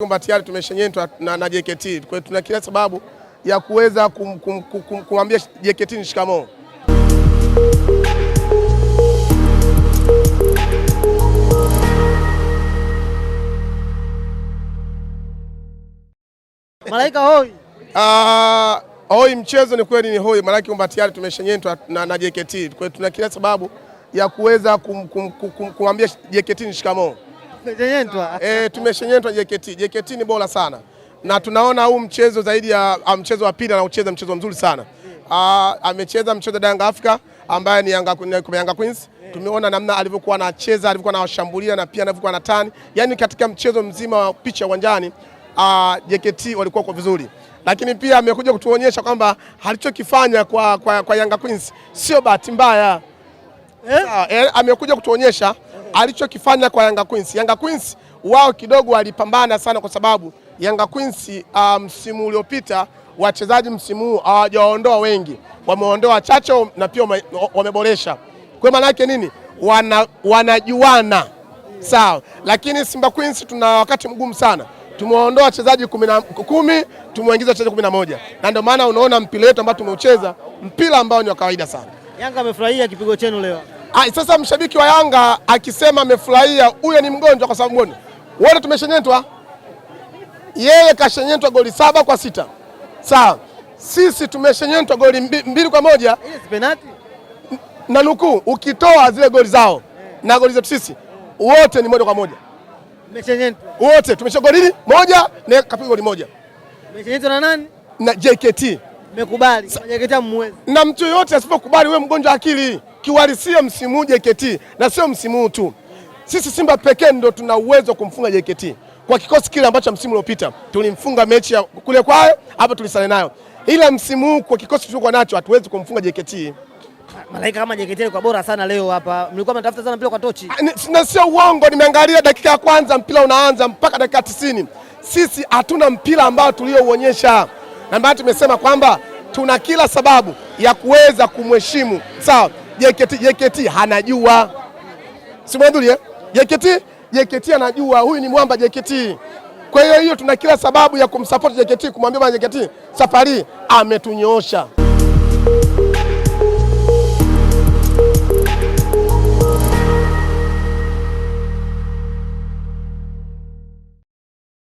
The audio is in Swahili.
kwamba tayari tumeshenyetwa na, na JKT. Kwa hiyo tuna kila sababu ya kuweza kumwambia kum, kum, kum, JKT ni shikamoo. Malaika hoi. Ah, uh, hoi mchezo ni kweli ni hoi, Malaika kwamba tayari tumeshenyetwa na, na JKT. Kwa hiyo tuna kila sababu ya kuweza kumwambia kum, kum, kum, JKT ni shikamoo e, tumeshenyentwa eh, JKT. JKT ni bora sana na tunaona huu mchezo zaidi ya a, ah, mchezo wa pili anaucheza mchezo mzuri sana Aa, ah, amecheza mchezo da Yanga Africa ambaye ni Yanga, Yanga Queens. Tumeona namna alivyokuwa anacheza, alivyokuwa anawashambulia na pia alivyokuwa na tani, yaani katika mchezo mzima wa picha uwanjani ah, JKT walikuwa kwa vizuri, lakini pia amekuja kutuonyesha kwamba alichokifanya kwa, kwa, kwa Yanga Queens sio bahati mbaya eh? eh? Amekuja kutuonyesha alichokifanya kwa Yanga Queens. Yanga Queens wao kidogo walipambana sana, kwa sababu Yanga Queens ah, msimu um, uliopita wachezaji msimu huu hawajaondoa wengi, wameondoa wachache na pia wameboresha. Kwa maana yake nini? Wana, wanajuana sawa, lakini Simba Queens tuna wakati mgumu sana. Tumewaondoa wachezaji kumi, tumeingiza wachezaji kumi na moja, na ndio maana unaona mpira wetu ambao tumeucheza mpira ambao ni wa kawaida sana. Yanga amefurahia kipigo chenu leo. Ah, sasa mshabiki wa Yanga akisema amefurahia, huyo ni mgonjwa, kwa sababu gani? Wote tumeshenyetwa, yeye kashenyetwa goli saba kwa sita, sawa. Sisi tumeshenyetwa goli mbi, mbili kwa moja na nukuu, ukitoa zile goli zao na goli zetu sisi, wote ni moja kwa moja, wote tumesha goli nini moja, na kapiga goli moja na nani? Na JKT. Mekubali. Sa, na mtu yoyote asipokubali, wewe mgonjwa akili kiuhalisia msimu huu JKT na sio msimu huu tu, sisi Simba pekee ndio tuna uwezo kumfunga JKT kwa kikosi kile ambacho msimu uliopita tulimfunga mechi ya kule kwao, hapa tulisale nayo, ila msimu huu kwa kikosi tulikuwa nacho hatuwezi kumfunga JKT. Malaika kama JKT kwa bora sana leo hapa. Mlikuwa mnatafuta sana mpira kwa tochi. Ah, na sio uongo, nimeangalia dakika ya kwanza mpira unaanza mpaka dakika tisini. Sisi hatuna mpira ambao tuliouonyesha. Na maana tumesema kwamba tuna kila sababu ya kuweza kumheshimu. Sawa. JKT, JKT simwadhuri eh? JKT, JKT anajua huyu ni mwamba JKT. Kwa hiyo hiyo tuna kila sababu ya kumsapoti JKT, kumwambia bwana JKT, safari ametunyoosha.